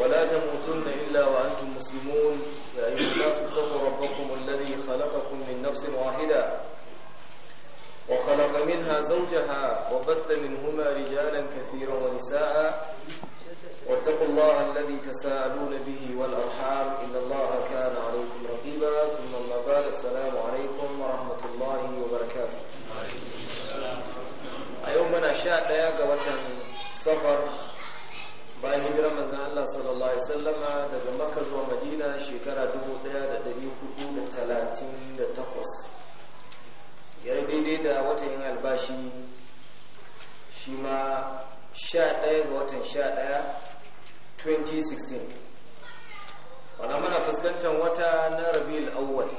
ولا تموتن إلا وأنتم مسلمون يا أيها الناس اتقوا ربكم الذي خلقكم من نفس واحدة وخلق منها زوجها وبث منهما رجالا كثيرا ونساء واتقوا الله الذي تساءلون به والأرحام إن الله كان عليكم رقيبا ثم ما بعد السلام عليكم ورحمة الله وبركاته أيوم من أشاء يا قوة صفر bayan hijirar manzan Allah sallallahu Alaihi sallama daga makar zuwa madina shekara 1438 ya daidai da watan yin albashi shi ma 11 ga watan 11 2016 wana mana fuskantar wata na rabi'ul awwal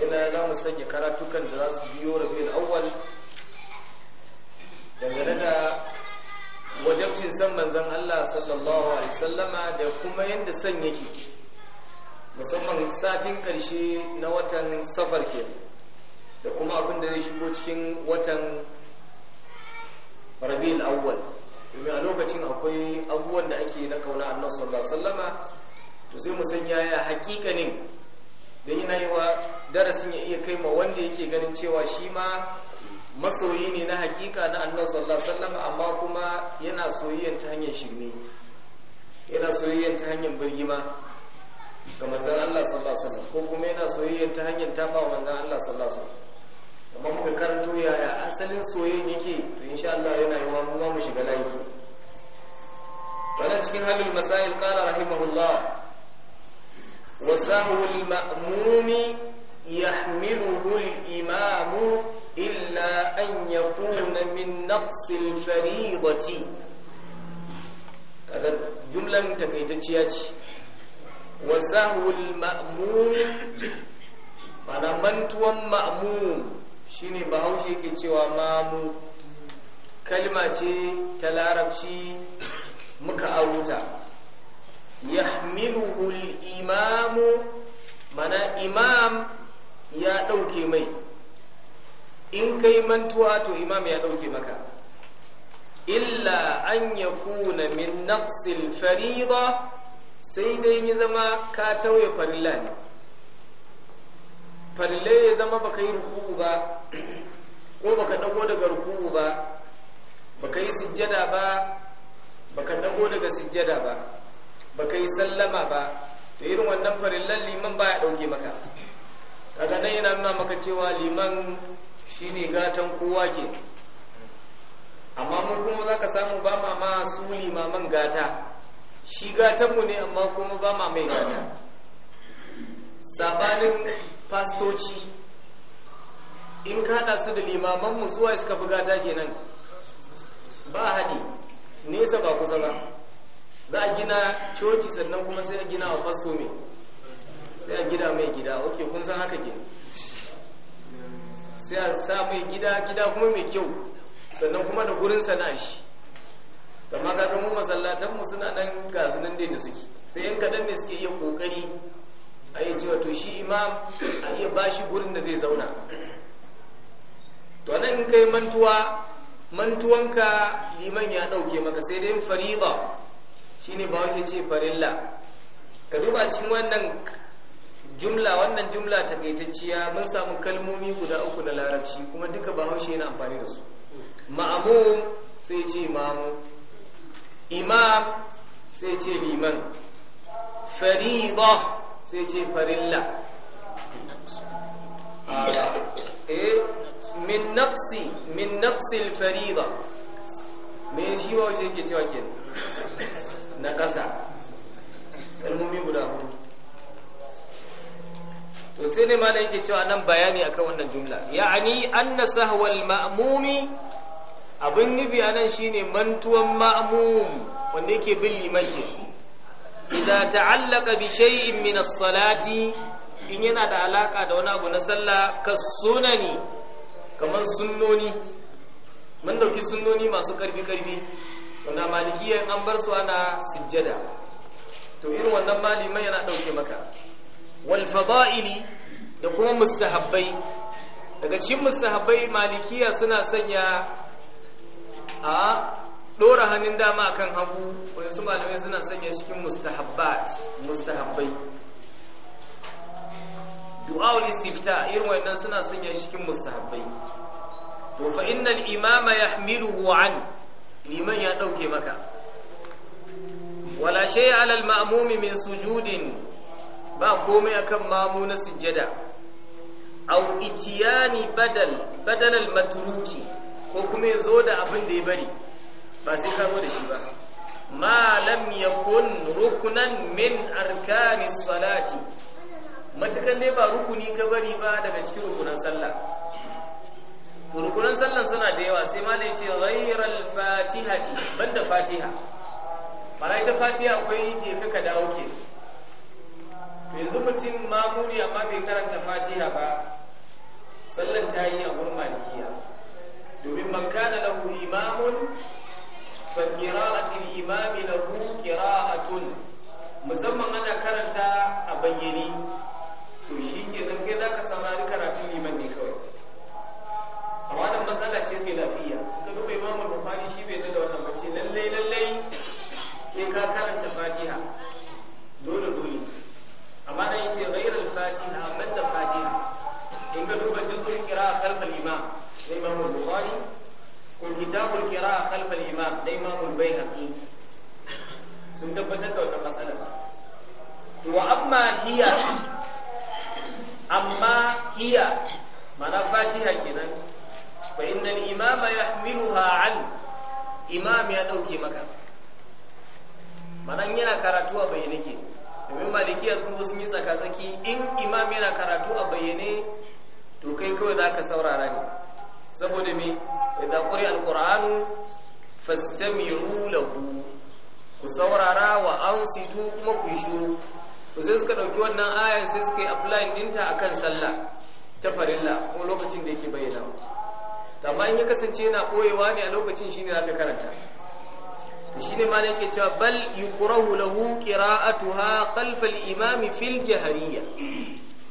wanda ya za mu sanya karatukan da za su biyo rabi'ul awwal dangane da wajabcin san manzan Allah sallallahu alaihi sallama da kuma yadda san yake musamman satin karshe na watan safar ke da kuma abin da zai shigo cikin watan rabi'ul awwal domin a lokacin akwai abubuwan da ake na kauna annabi sallallahu alaihi sallama to sai mu san yaya hakikanin da yana yi wa darasin ya iya kai ma wanda yake ganin cewa shi ma masoyi ne na hakika na annabi sallallahu alaihi wasallam amma kuma yana soyayyen ta hanyar shirme yana soyayyen ta hanyar birgima ga manzon Allah sallallahu alaihi wasallam ko kuma yana soyayyen ta hanyar tafa wa manzon Allah sallallahu alaihi wasallam amma muka karanto yaya asalin soyayyen yake to insha Allah yana yi wa mu shiga layi wannan cikin halul masail qala rahimahullah ma'mumi yahmiluhu al imamu. an إلا min naqsil من نقص jumlan takaitacciya ce wa sahul ma'mum bana mantuwan ma'mum shine bahaushe ke cewa mamu kalma ce ta larabci muka auta yahmiluhu al-imamu mana imam ya dauke mai in kai mantuwa to imam ya ɗauke maka illa an yakuna min naqsil fariida sai dai ya zama ka tauye farilla ne farilla ya zama baka yi ruku'u ba ko baka dago daga ruku'u ba baka yi sujjada ba baka dago daga sujjada ba baka yi sallama ba to irin wannan farillan liman ba ya ɗauke maka kaga nan yana nuna maka cewa liman Shi ne gatan kowa ke amma mun kuma za ka samu ba ma ma su limaman gata shi gatanmu ne amma kuma ba ma mai gata sabanin fastoci in kada su da limamanmu zuwa suka fi gata kenan ba haɗi nesa ba kusa ba za a gina coci sannan kuma sai a gina a fasto mai sai a gida mai gida ok kun san haka kenan sai a sa mai gida gida kuma mai kyau sannan kuma da gurin sana'a shi amma kaga mu masallatan mu suna nan ga nan da suke sai yan kadan ne suke iya kokari a yi cewa to shi imam a iya bashi gurin da zai zauna to nan in kai mantuwa mantuwanka liman ya dauke maka sai dai fariba shine ba wake ce farilla ka duba cikin wannan jumla wannan jumla taƙaitacciya mun samu kalmomi guda uku na larabci kuma duka bahaushe yana amfani da su Ma'amu sai ce imamu imam sai ce liman farida sai ce farilla ah, eh, min naqsi min naqsi al me shi ba wuce yake cewa ke na kasa kalmomi guda hudu to sai ne malai yake cewa nan bayani akan wannan jumla ya'ani anna sahwal ma'mumi abin nufi anan shine mantuwan ma'mum wanda yake bin limashi idza ta'allaqa ta'allaka bi shay'in min as-salati in yana da alaka da wani abu na sallah ka sunani kamar sunnoni mun dauki sunnoni masu karfi karfi wanda malikiyan an bar su ana sujjada to irin wannan malimai yana dauke maka wal da kuma mustahabbai daga cikin mustahabbai malikiya suna sanya a dora hannun dama akan hagu wani su malamai suna sanya cikin mustahabbat mustahabbai du'a'ul istifta irin wannan suna sanya cikin mustahabbai to fa innal imama hamilu an liman ya dauke maka wala shay 'ala al min sujudin ba komai akan mamu na sujjada au itiyani badal badalal matruki ko kuma ya zo da abin da ya bari ba sai ka da shi ba ma lam yakun rukunan min arkanis salati matakan dai ba rukuni ka bari ba daga cikin rukunan sallah to rukunan sallah suna da yawa sai malai ce ghayral fatihati banda fatiha bara ita fatiha akwai je ka dawo ke yanzu mutum mamuni amma bai karanta fatiha ba sallar ta yi a wurin malikiya domin man kana lahu imamun fa imami lahu qira'atun musamman ana karanta a bayyane to shi ke nan kai zaka samari karatun liman ne kawai a wannan matsala ce mai lafiya ka duba imamun bukari shi bai daga wannan mace lallai lallai sai ka karanta fatiha dole dole amma nan yace ghairul fatiha banda fatiha in ka duba juzul qira'a khalf al-imam da imam al-bukhari ko kitabul qira'a khalf al-imam da imam al-baihaqi sun tabbatar da wannan matsalar wa amma hiya amma hiya mana fatiha kenan fa innal imama yahmiluha an imam ya dauke maka manan yana karatuwa bai bayyane kenan domin malaki yanzu sun yi tsaka-tsaki in imam yana karatu a bayyane to kai kawai za ka saurara ne saboda me idan ƙuri alƙur'anu fastamiru lahu ku saurara wa an situ kuma ku yi shuru, ku sai suka ɗauki wannan ayan sai suka yi applying ɗinta kan sallah ta farilla ko lokacin da yake bayyana amma in ya kasance yana ɓoyewa ne a lokacin shine za ka karanta shine ma yake cewa bal yuqrahu lahu qira'atuha khalf al-imam al-jahriya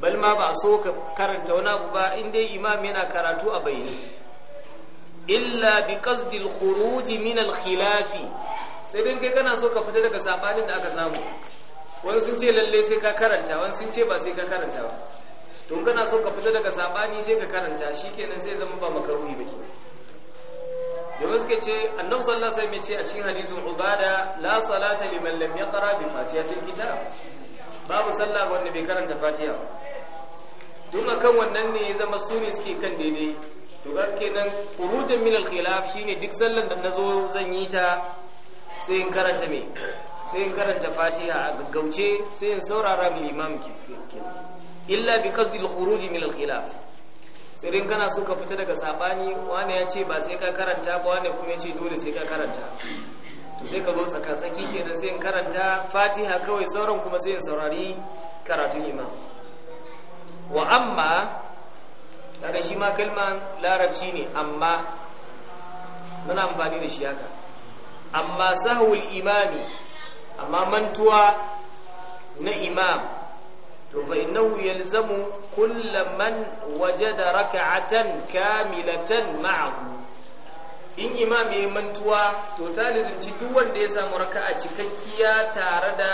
bal ma ba so ka karanta wani abu ba inda imam yana karatu a bayyane illa bi qasdi al-khuruj min al-khilaf sai dan kai kana so ka fita daga sabanin da aka samu wani sun ce lalle sai ka karanta wani sun ce ba sai ka karanta ba to kana so ka fita daga sabani sai ka karanta shikenan sai zama ba makaruhi ba kenan domin suka ce annab sallallahu alaihi wasallam ce a cikin hadisin ubada la salata liman lam yaqra bi fatihatil kitab babu sallah wanda bai karanta fatiha duk kan wannan ne zama sune suke kan daidai to ga kenan kurutun min al khilaf shine duk sallan da nazo zan yi ta sai in karanta me sai in karanta fatiha a gaggauce sai in saurara ke illa bi qasdi al khuruj min al khilaf sai kana so ka fita daga sabani wani ya ce ba sai ka karanta ba wani kuma ya ce dole sai ka karanta to sai ka zo tsaka-tsaki kenan sai in karanta fatiha kawai sauran kuma sai in saurari karatun imam wa amma tare shi ma kalman larabci ne amma muna amfani da shi haka amma sahul imami amma mantuwa na imam to fa innahu yalzamu kullu man wajada rak'atan kamilatan ma'ahu in imam yayi mantuwa to ta lazimci duk wanda ya samu raka'a cikakkiya tare da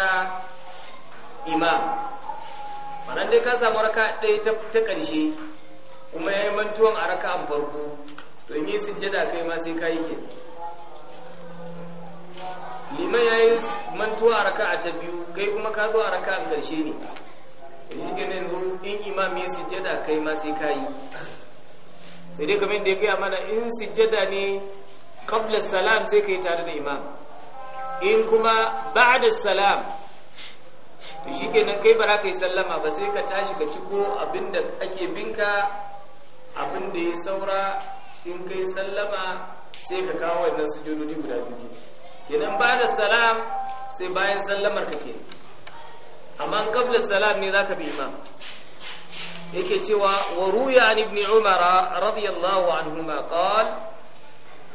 imam manan dai ka samu raka'a ɗaya ta ƙarshe kuma yayi mantuwan a an farko to in yi sujjada kai ma sai kai ke liman yayi mantuwa a raka'a ta biyu kai kuma ka zo a raka'an ƙarshe ne shi ke nan in imam ya sujjada kai ma sai ka yi sai dai kamar da ya gaya mana in sujjada ne qabla salam sai ka yi tare da imam in kuma ba'da salam to shi ke nan kai ba ka yi sallama ba sai ka tashi ka ciko abinda ake binka abinda ya saura in kai sallama sai ka kawo wannan sujudodi guda biyu kenan ba da salam sai bayan sallamar ka kenan amma kabla salat ne zaka bi imam yake cewa wa ruya an ibn umara radiyallahu anhuma qal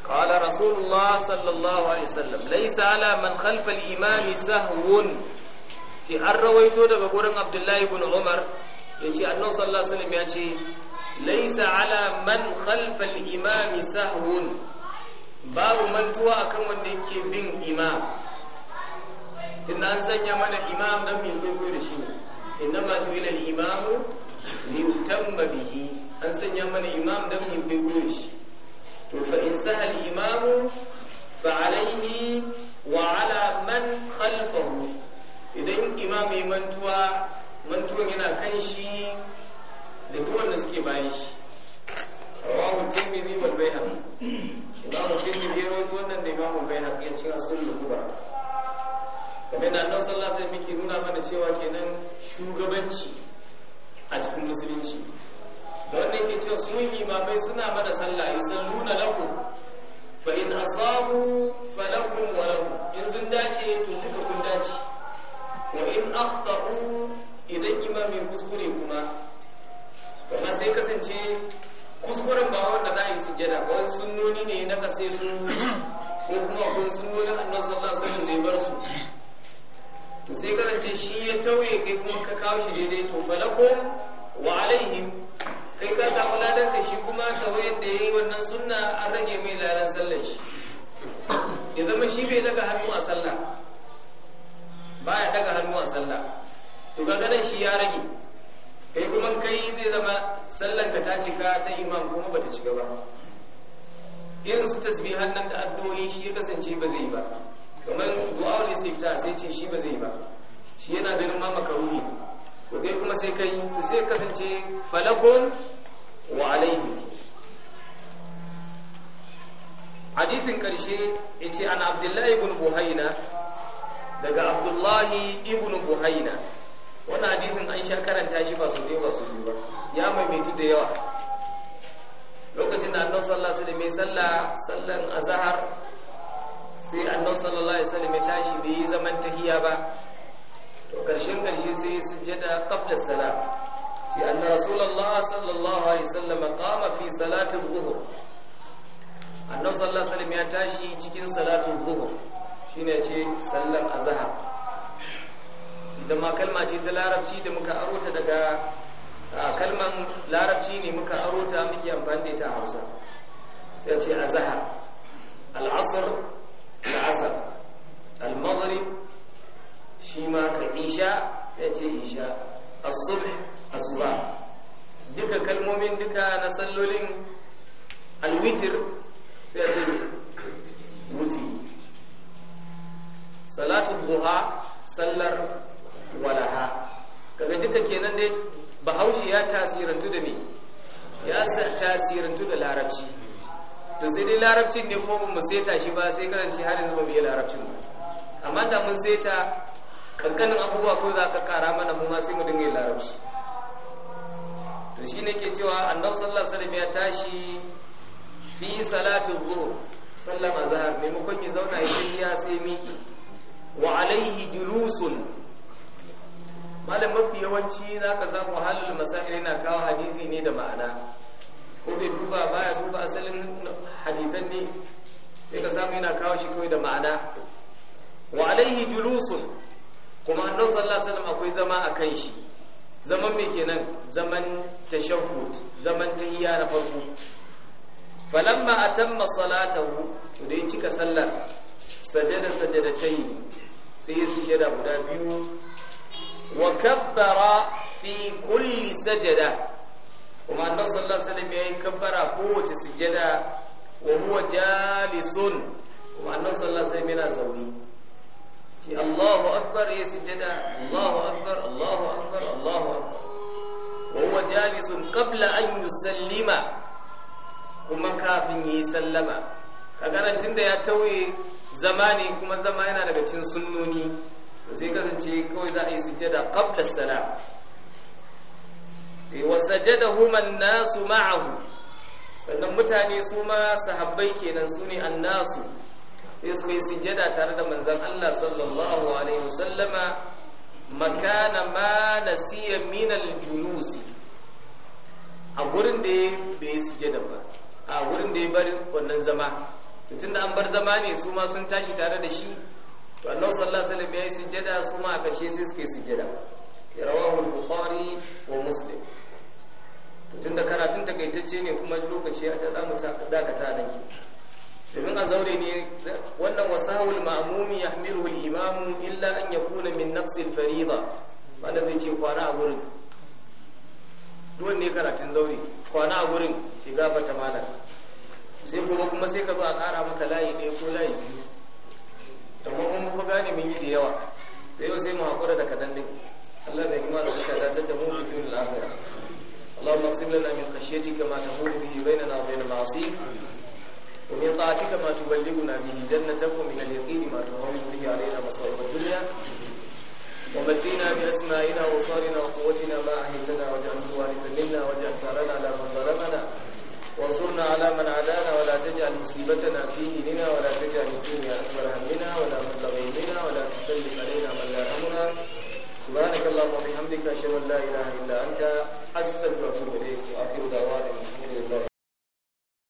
qala sallallahu alaihi wasallam laysa ala man khalfa al-imam sahwun ti arrawaito daga wurin abdullahi ibn umar yace annabi sallallahu alaihi wasallam yace laysa ala man khalfa al-imam sahwun babu mantuwa akan wanda yake bin imam tunda an sanya mana imam dan mai gogo da shi ne. inna ma tuwila imamu li yutamma bihi an sanya mana imam dan mai gogo da shi to fa in sahal imamu fa alayhi wa ala man khalfahu idan imam mai mantuwa mantuwan yana kan shi da duk wanda suke bayan shi Yana annabi sallah sai muke nuna mana cewa kenan shugabanci a cikin musulunci da wanda yake cewa su limamai suna mana sallah yusalluna lakum fa in asabu falakum wa lahum in sun dace to duka kun dace wa in akhtau idan imamin kuskure kuma kuma sai kasance kuskuren ba wanda za a yi sujjada ba wani sunnoni ne na kase su ko kuma kun sunnonin annabi sallallahu alaihi wasallam da ya bar su to sai kasance shi ya tauye kai kuma ka kawo shi daidai to falako wa alaihim kai ka samu ladan ka shi kuma tawayen da yayi wannan sunna an rage mai ladan sallar shi ya zama shi bai daga hannu a sallah ya daga hannu a sallah to ga shi ya rage kai kuma kai zai zama sallan ka ta cika ta imam kuma bata cika ba irin su tasbihan nan da addu'o'i shi ya kasance ba zai yi ba kamar du'a istifta sai ce shi ba zai ba shi yana ganin ma makaruhi ko dai kuma sai kai to sai kasance falakun wa alaihi hadithin karshe yace ana abdullahi ibn buhaina daga abdullahi ibn buhaina wannan hadithin an sha karanta shi ba su ne ba su ba ya maimaitu da yawa lokacin da sallah sallallahu alaihi wasallam sallah sallan azhar sai annabi sallallahu alaihi wasallam ya tashi bai zaman tahiya ba to ƙarshen ƙarshe sai sujjada qabla salam sai annabi rasulullah sallallahu alaihi wasallam qama fi salati dhuhr annabi sallallahu alaihi wasallam ya tashi cikin salatin dhuhr shine ce sallar azhar idan ma kalma ce ta larabci da muka aruta, daga kalman larabci ne muka aruta muke amfani da ita a Hausa sai ce azhar al-asr la'asar al-maghrib shi ma ka isha ya ce isha as-subh asuba duka kalmomin duka na sallolin al-witr sai ya ce wuti salatu buha sallar walaha kaga duka kenan dai bahaushe ya tasirantu da me to sai dai larabcin ne kuma mu seta shi ba sai karanci har yanzu ba mu yi larabcin ba amma da mun seta kankanin abubuwa ko za ka kara mana mu ma sai mu dinga yin larabci to shi ne ke cewa annabi sallallahu alaihi wasallam ya tashi fi salatu dhuhr sallama zahar maimakon ya zauna ya sai miki wa alaihi julusun malam mafi yawanci za ka samu halin masa'il na kawo hadisi ne da ma'ana ko bai duba baya duba asalin hadithan ne sai ka samu yana kawo shi kawai da ma'ana wa alaihi julusun kuma annabi sallallahu alaihi wasallam akwai zama akan shi zaman me kenan zaman tashahhud zaman tahiyya na farko falamma atamma salatahu to da ya cika sallar sajada sajada tayi sai ya sujada guda biyu wa kabbara fi kulli sajada kuma annabi sallallahu alaihi wasallam yayi kabbara kowace sujjada wa huwa jalisun kuma annabi sallallahu alaihi wasallam yana zauni shi Allahu akbar ya sujjada Allahu akbar Allahu akbar Allahu akbar wa huwa jalisun qabla an yusallima kuma kafin yi sallama kaga nan tunda ya tauye zama ne kuma zama yana daga cikin sunnoni to sai kasance kawai za a yi sujjada qabla salam wasajadahu human nasu ma'ahu sannan mutane su ma sahabbai kenan su ne annasu sai su yi sujjada tare da manzon Allah sallallahu alaihi wasallama makana ma nasiya min al a gurin da ya bai sujjada ba a gurin da ya bari wannan zama tunda an bar zama ne su ma sun tashi tare da shi to Allah sallallahu alaihi wasallam ya yi sujjada su ma a kashe sai suka yi sujjada rawahu al-bukhari wa muslim tunda karatun takaitacce ne kuma lokaci ya ta zamu dakata nan ki domin a zaure ne wannan wasahul ma'mumi yahmiluhu al imam illa an yakuna min naqsi al-fariida wanda zai ce kwana a gurin duwan ne karatun zaure kwana a gurin ki gafata malam sai kuma kuma sai ka zo a tsara maka layi ɗaya ko layi biyu amma mun gane mun yi da yawa sai yau sai mu haƙura da kadan din الله بإكمال بك لا تدمو في الآخرة اللهم اقسم لنا من خشيتك ما تهون به بيننا وبين معاصيك ومن طاعتك ما تبلغنا به جنتك ومن اليقين ما تهون به علينا مصائب الدنيا ومتينا بأسمائنا وصارنا وقوتنا ما أحيتنا واجعل وارثا منا واجعل ثارنا على من ظلمنا وانصرنا على من عدانا ولا تجعل مصيبتنا في ديننا ولا تجعل الدنيا أكبر همنا ولا مبلغ علمنا ولا تسلط علينا من لا أمنا subhanakallahumma wa bihamdika ashhadu an la ilaha illa anta astaghfiruka wa atubu ilayk wa akhiru da'wana